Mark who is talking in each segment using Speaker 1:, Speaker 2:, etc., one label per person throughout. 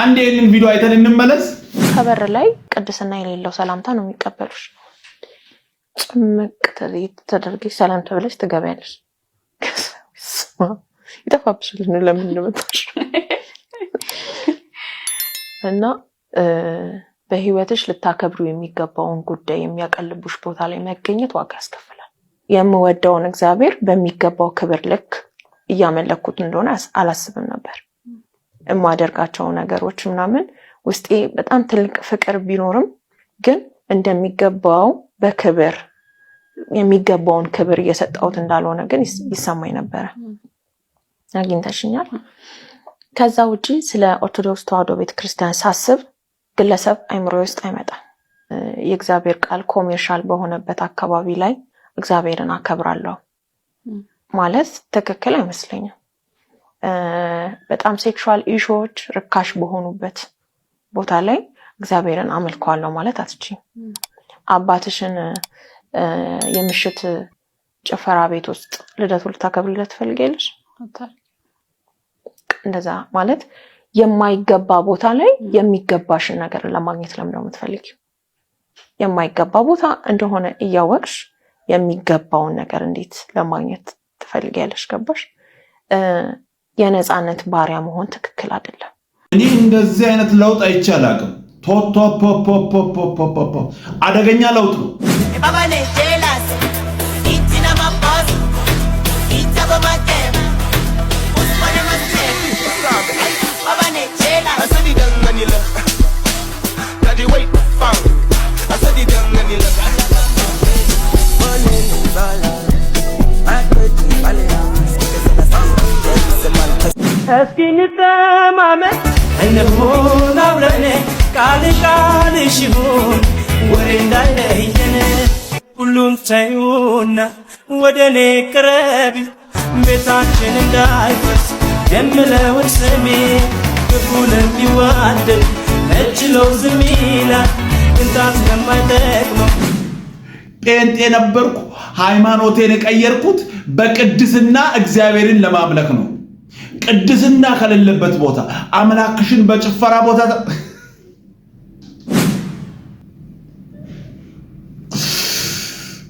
Speaker 1: አንድ ይህንን ቪዲዮ አይተን እንመለስ።
Speaker 2: ከበር ላይ ቅድስና የሌለው ሰላምታ ነው የሚቀበሉሽ። ጭምቅ ተደርገሽ ሰላም ተብለሽ ትገቢያለሽ። ይጠፋብሽልን ለምን ልመጣሽ እና በህይወትሽ ልታከብሩ የሚገባውን ጉዳይ የሚያቀልቡሽ ቦታ ላይ መገኘት ዋጋ ያስከፍላል። የምወደውን እግዚአብሔር በሚገባው ክብር ልክ እያመለኩት እንደሆነ አላስብም ነበር። የማደርጋቸው ነገሮች ምናምን ውስጤ በጣም ትልቅ ፍቅር ቢኖርም ግን እንደሚገባው በክብር የሚገባውን ክብር እየሰጠሁት እንዳልሆነ ግን ይሰማኝ ነበረ። አግኝተሽኛል። ከዛ ውጪ ስለ ኦርቶዶክስ ተዋህዶ ቤተክርስቲያን ሳስብ ግለሰብ አይምሮ ውስጥ አይመጣም። የእግዚአብሔር ቃል ኮሜርሻል በሆነበት አካባቢ ላይ እግዚአብሔርን አከብራለሁ ማለት ትክክል አይመስለኝም። በጣም ሴክሹዋል ኢሹዎች ርካሽ በሆኑበት ቦታ ላይ እግዚአብሔርን አመልከዋለሁ ማለት አትች አባትሽን የምሽት ጭፈራ ቤት ውስጥ ልደቱ ልታከብርለት ትፈልጊያለሽ? እንደዛ ማለት የማይገባ ቦታ ላይ የሚገባሽን ነገር ለማግኘት ለምደው የምትፈልጊው የማይገባ ቦታ እንደሆነ እያወቅሽ የሚገባውን ነገር እንዴት ለማግኘት ትፈልጊያለሽ? ገባሽ? የነፃነት ባሪያ መሆን ትክክል አይደለም።
Speaker 1: እኔ እንደዚህ አይነት ለውጥ አይቼ አላውቅም። አደገኛ ለውጥ ነው። እስኪ እንተማመን እንሁን አብረን ቃል ቃልሽ ይሁን ወሬ እንዳይለየን ሁሉም ተይውና ወደ እኔ ቅረቢ ቤታችን እንዳይፈርስ የምለውን ስሜ ክፉ ለሚዋደድ እችለው ዝም ይላል ቅንጣት ለማይጠቅመው ጴንጤ ነበርኩ ሃይማኖቴን የቀየርኩት በቅድስና እግዚአብሔርን ለማምለክ ነው። ቅድስና ከሌለበት ቦታ አምላክሽን በጭፈራ ቦታ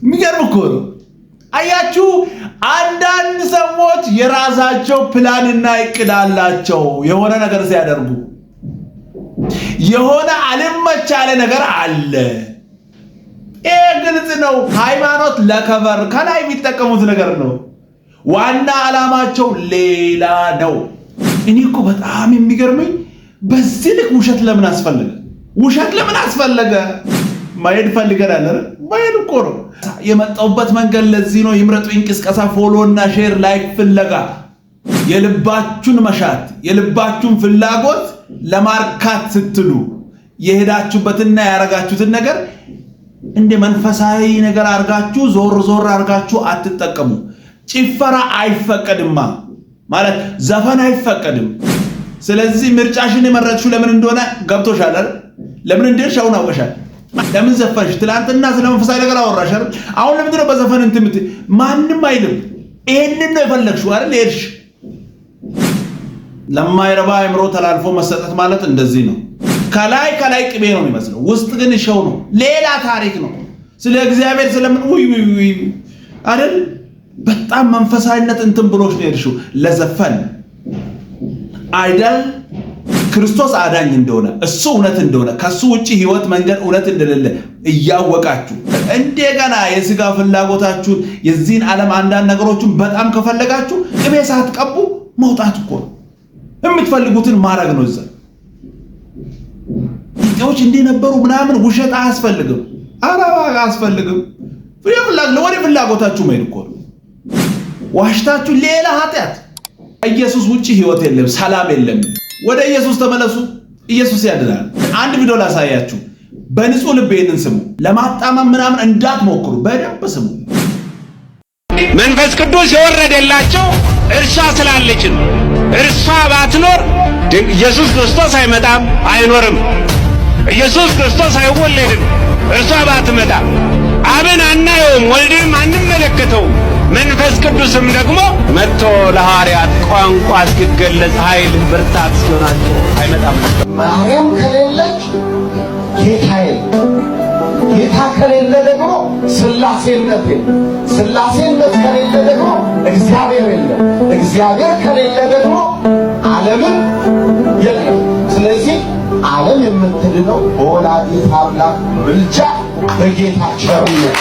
Speaker 1: የሚገርም እኮ ነው። አያችሁ፣ አንዳንድ ሰዎች የራሳቸው ፕላንና እቅድ አላቸው። የሆነ ነገር ሲያደርጉ የሆነ አልመች ያለ ነገር አለ። ይህ ግልጽ ነው። ሃይማኖት ለከቨር ከላይ የሚጠቀሙት ነገር ነው። ዋና ዓላማቸው ሌላ ነው። እኔ እኮ በጣም የሚገርመኝ በዚህ ልክ ውሸት ለምን አስፈለገ? ውሸት ለምን አስፈለገ? ማየድ ፈልገናል። ማየድ እኮ ነው የመጣውበት መንገድ። ለዚህ ነው ይምረጡ እንቅስቀሳ ፎሎ እና ሼር፣ ላይክ ፍለጋ የልባችሁን መሻት የልባችሁን ፍላጎት ለማርካት ስትሉ የሄዳችሁበትና ያረጋችሁትን ነገር እንደ መንፈሳዊ ነገር አርጋችሁ ዞር ዞር አርጋችሁ አትጠቀሙ። ጭፈራ አይፈቀድማ ማለት ዘፈን አይፈቀድም። ስለዚህ ምርጫሽን የመረጥሽው ለምን እንደሆነ ገብቶሻል አይደል? ለምን እንደሄድሽ አሁን አውቀሻል። ለምን ዘፈንሽ? ትላንትና ስለ መንፈሳዊ ነገር አወራሽ አይደል? አሁን ለምንድን ነው በዘፈን እንትን የምትይ? ማንም አይልም። ይሄንን ነው የፈለግሽው አይደል? ሄድሽ። ለማይረባ አእምሮ ተላልፎ መሰጠት ማለት እንደዚህ ነው። ከላይ ከላይ ቅቤ ነው የሚመስለው፣ ውስጥ ግን ሸው ነው። ሌላ ታሪክ ነው። ስለ እግዚአብሔር ስለምን ውይ ውይ ውይ አይደል በጣም መንፈሳዊነት እንትን ብሎች ነው የሄድሽው ለዘፈን አይደል? ክርስቶስ አዳኝ እንደሆነ እሱ እውነት እንደሆነ ከሱ ውጭ ህይወት መንገድ እውነት እንደሌለ እያወቃችሁ እንደገና የስጋ ፍላጎታችሁን የዚህን ዓለም አንዳንድ ነገሮችን በጣም ከፈለጋችሁ ቅቤ ሳትቀቡ መውጣት እኮ ነው። የምትፈልጉትን ማድረግ ነው። እዛ ዎች እንዲህ ነበሩ ምናምን ውሸት አያስፈልግም፣ አረባ አያስፈልግም። ወደ ፍላጎታችሁ መሄድ እኮ ነው። ዋሽታችሁ ሌላ ኃጢአት። ኢየሱስ ውጭ ህይወት የለም፣ ሰላም የለም። ወደ ኢየሱስ ተመለሱ፣ ኢየሱስ ያድናል። አንድ ቪዲዮ ላሳያችሁ። በንጹህ ልብ ይህንን ስሙ። ለማጣመም ምናምን እንዳትሞክሩ፣ በደንብ ስሙ። መንፈስ ቅዱስ የወረደላቸው እርሷ ስላለች ነው። እርሷ ባትኖር ኢየሱስ ክርስቶስ አይመጣም፣ አይኖርም። ኢየሱስ ክርስቶስ አይወለድም እርሷ ባትመጣ። አብን አናየውም፣ ወልድም አንመለከ ቅዱስም ደግሞ መጥቶ ለሐዋርያት ቋንቋ እስኪገለጽ ኃይል ብርታት ሲሆናቸው አይመጣም። ማርያም ከሌለች ጌታ ጌታ ከሌለ ደግሞ ስላሴነት ስላሴነት ከሌለ ደግሞ እግዚአብሔር የለ እግዚአብሔር ከሌለ ደግሞ ዓለምን የለም። ስለዚህ ዓለም የምትድነው በወላዲተ አምላክ ምልጃ በጌታ ቸርነት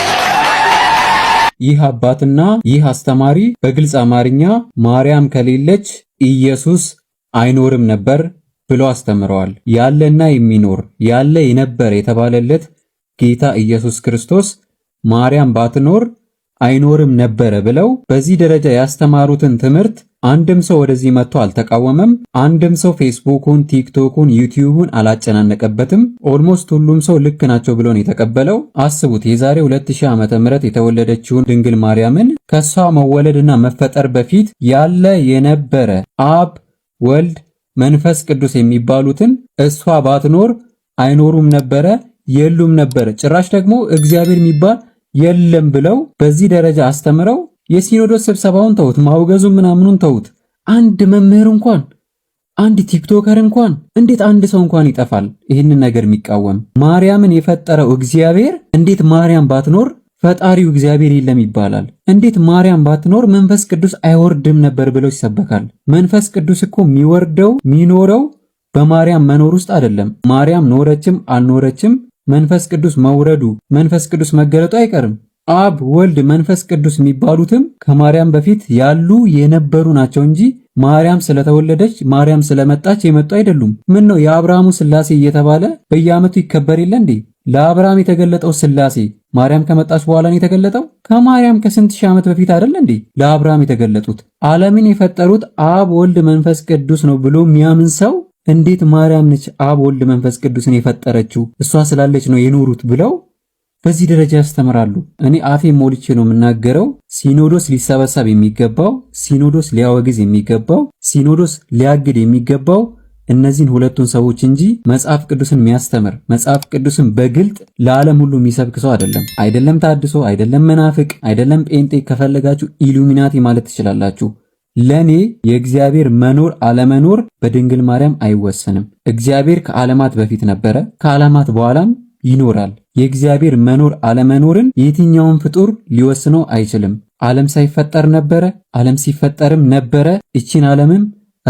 Speaker 1: ይህ አባትና ይህ አስተማሪ በግልጽ አማርኛ ማርያም ከሌለች ኢየሱስ አይኖርም ነበር ብሎ አስተምረዋል። ያለና የሚኖር ያለ የነበር የተባለለት ጌታ ኢየሱስ ክርስቶስ ማርያም ባትኖር አይኖርም ነበረ ብለው በዚህ ደረጃ ያስተማሩትን ትምህርት አንድም ሰው ወደዚህ መጥቶ አልተቃወመም። አንድም ሰው ፌስቡኩን፣ ቲክቶኩን፣ ዩቲዩቡን አላጨናነቀበትም። ኦልሞስት ሁሉም ሰው ልክ ናቸው ብሎ ነው የተቀበለው። አስቡት የዛሬ 2000 ዓመተ ምህረት የተወለደችውን ድንግል ማርያምን ከሷ መወለድና መፈጠር በፊት ያለ የነበረ አብ ወልድ መንፈስ ቅዱስ የሚባሉትን እሷ ባትኖር አይኖሩም ነበረ፣ የሉም ነበረ። ጭራሽ ደግሞ እግዚአብሔር የሚባል የለም ብለው በዚህ ደረጃ አስተምረው የሲኖዶስ ስብሰባውን ተውት፣ ማውገዙን ምናምኑን ተውት። አንድ መምህር እንኳን አንድ ቲክቶከር እንኳን እንዴት አንድ ሰው እንኳን ይጠፋል? ይህንን ነገር የሚቃወም ማርያምን የፈጠረው እግዚአብሔር እንዴት ማርያም ባትኖር ፈጣሪው እግዚአብሔር የለም ይባላል? እንዴት ማርያም ባትኖር መንፈስ ቅዱስ አይወርድም ነበር ብለው ይሰበካል? መንፈስ ቅዱስ እኮ የሚወርደው የሚኖረው በማርያም መኖር ውስጥ አይደለም። ማርያም ኖረችም አልኖረችም መንፈስ ቅዱስ መውረዱ፣ መንፈስ ቅዱስ መገለጡ አይቀርም። አብ፣ ወልድ፣ መንፈስ ቅዱስ የሚባሉትም ከማርያም በፊት ያሉ የነበሩ ናቸው እንጂ ማርያም ስለተወለደች ማርያም ስለመጣች የመጡ አይደሉም። ምን ነው የአብርሃሙ ስላሴ እየተባለ በየዓመቱ ይከበር የለ እንዴ? ለአብርሃም የተገለጠው ስላሴ ማርያም ከመጣች በኋላ ነው የተገለጠው? ከማርያም ከስንት ሺህ ዓመት በፊት አይደል እንዴ ለአብርሃም የተገለጡት? ዓለምን የፈጠሩት አብ ወልድ መንፈስ ቅዱስ ነው ብሎ የሚያምን ሰው እንዴት ማርያም ነች አብ ወልድ መንፈስ ቅዱስን የፈጠረችው እሷ ስላለች ነው የኖሩት ብለው በዚህ ደረጃ ያስተምራሉ። እኔ አፌ ሞልቼ ነው የምናገረው። ሲኖዶስ ሊሰበሰብ የሚገባው ሲኖዶስ ሊያወግዝ የሚገባው ሲኖዶስ ሊያግድ የሚገባው እነዚህን ሁለቱን ሰዎች እንጂ መጽሐፍ ቅዱስን የሚያስተምር መጽሐፍ ቅዱስን በግልጥ ለዓለም ሁሉ የሚሰብክ ሰው አይደለም። አይደለም ታድሶ፣ አይደለም መናፍቅ፣ አይደለም ጴንጤ። ከፈለጋችሁ ኢሉሚናቲ ማለት ትችላላችሁ። ለኔ የእግዚአብሔር መኖር አለመኖር በድንግል ማርያም አይወሰንም። እግዚአብሔር ከዓለማት በፊት ነበረ፣ ከዓለማት በኋላም ይኖራል። የእግዚአብሔር መኖር አለመኖርን የትኛውን ፍጡር ሊወስነው አይችልም። ዓለም ሳይፈጠር ነበረ፣ ዓለም ሲፈጠርም ነበረ። እቺን ዓለምም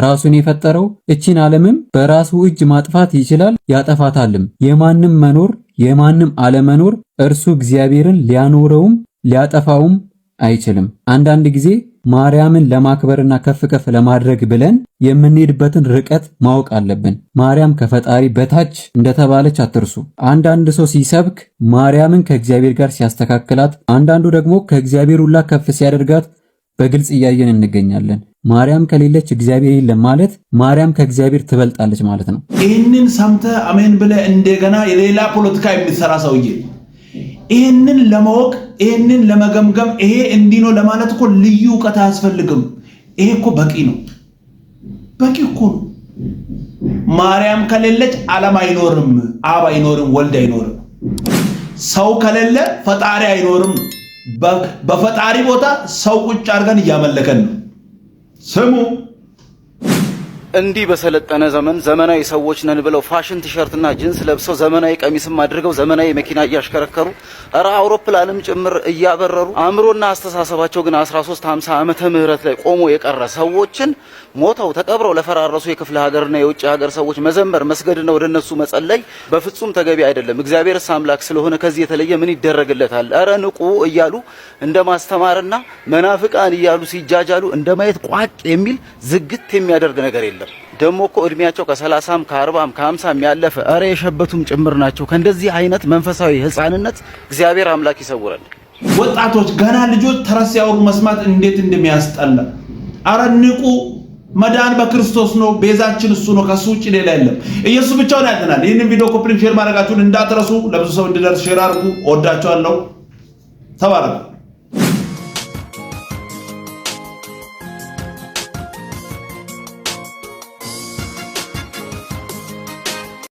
Speaker 1: ራሱን የፈጠረው እቺን ዓለምም በራሱ እጅ ማጥፋት ይችላል፣ ያጠፋታልም። የማንም መኖር የማንም አለመኖር እርሱ እግዚአብሔርን ሊያኖረውም ሊያጠፋውም አይችልም። አንዳንድ ጊዜ ማርያምን ለማክበርና ከፍ ከፍ ለማድረግ ብለን የምንሄድበትን ርቀት ማወቅ አለብን። ማርያም ከፈጣሪ በታች እንደተባለች አትርሱ። አንዳንድ ሰው ሲሰብክ ማርያምን ከእግዚአብሔር ጋር ሲያስተካክላት፣ አንዳንዱ ደግሞ ከእግዚአብሔር ሁላ ከፍ ሲያደርጋት በግልጽ እያየን እንገኛለን። ማርያም ከሌለች እግዚአብሔር የለም ማለት ማርያም ከእግዚአብሔር ትበልጣለች ማለት ነው። ይህንን ሰምተህ አሜን ብለህ እንደገና የሌላ ፖለቲካ የሚሰራ ሰውዬ ይህንን ለማወቅ ይህንን ለመገምገም ይሄ እንዲህ ነው ለማለት እኮ ልዩ እውቀት አያስፈልግም። ይሄ እኮ በቂ ነው፣ በቂ እኮ ነው። ማርያም ከሌለች ዓለም አይኖርም፣ አብ አይኖርም፣ ወልድ አይኖርም። ሰው ከሌለ ፈጣሪ አይኖርም። በፈጣሪ ቦታ ሰው ቁጭ አድርገን እያመለከን ነው። ስሙ እንዲህ በሰለጠነ ዘመን ዘመናዊ ሰዎች ነን ብለው ፋሽን ቲሸርትና ጂንስ ለብሰው ዘመናዊ ቀሚስም አድርገው ዘመናዊ መኪና እያሽከረከሩ እረ አውሮፕላንም ጭምር እያበረሩ አእምሮና አስተሳሰባቸው ግን 50 ዓመተ ምህረት ላይ ቆሞ የቀረ ሰዎችን ሞተው ተቀብረው ለፈራረሱ የክፍለ ሀገርና የውጭ ሀገር ሰዎች መዘመር መስገድና ወደ እነሱ መጸለይ በፍጹም ተገቢ አይደለም። እግዚአብሔርስ አምላክ ስለሆነ ከዚህ የተለየ ምን ይደረግለታል? እረ ንቁ እያሉ እንደ ማስተማርና መናፍቃን እያሉ ሲጃጃሉ እንደ ማየት ቋቅ የሚል ዝግት የሚያደርግ ነገር የለም። አይደለም። ደግሞ እኮ እድሜያቸው ከ30ም ከ 40 ከ 50 ያለፈ አረ የሸበቱም ጭምር ናቸው። ከእንደዚህ አይነት መንፈሳዊ ህፃንነት እግዚአብሔር አምላክ ይሰውረን። ወጣቶች ገና ልጆች ተረት ሲያወሩ መስማት እንዴት እንደሚያስጠላ አረ ንቁ። መዳን በክርስቶስ ነው፣ ቤዛችን እሱ ነው፣ ከሱ ውጭ ሌላ የለም። ኢየሱስ ብቻውን ያድናል። ይህንን ቪዲዮ ኮፕሊንግ ሼር ማድረጋችሁን እንዳትረሱ። ለብዙ ሰው እንዲደርስ ሼር አድርጉ። ወዳችኋለሁ። ተባረኩ።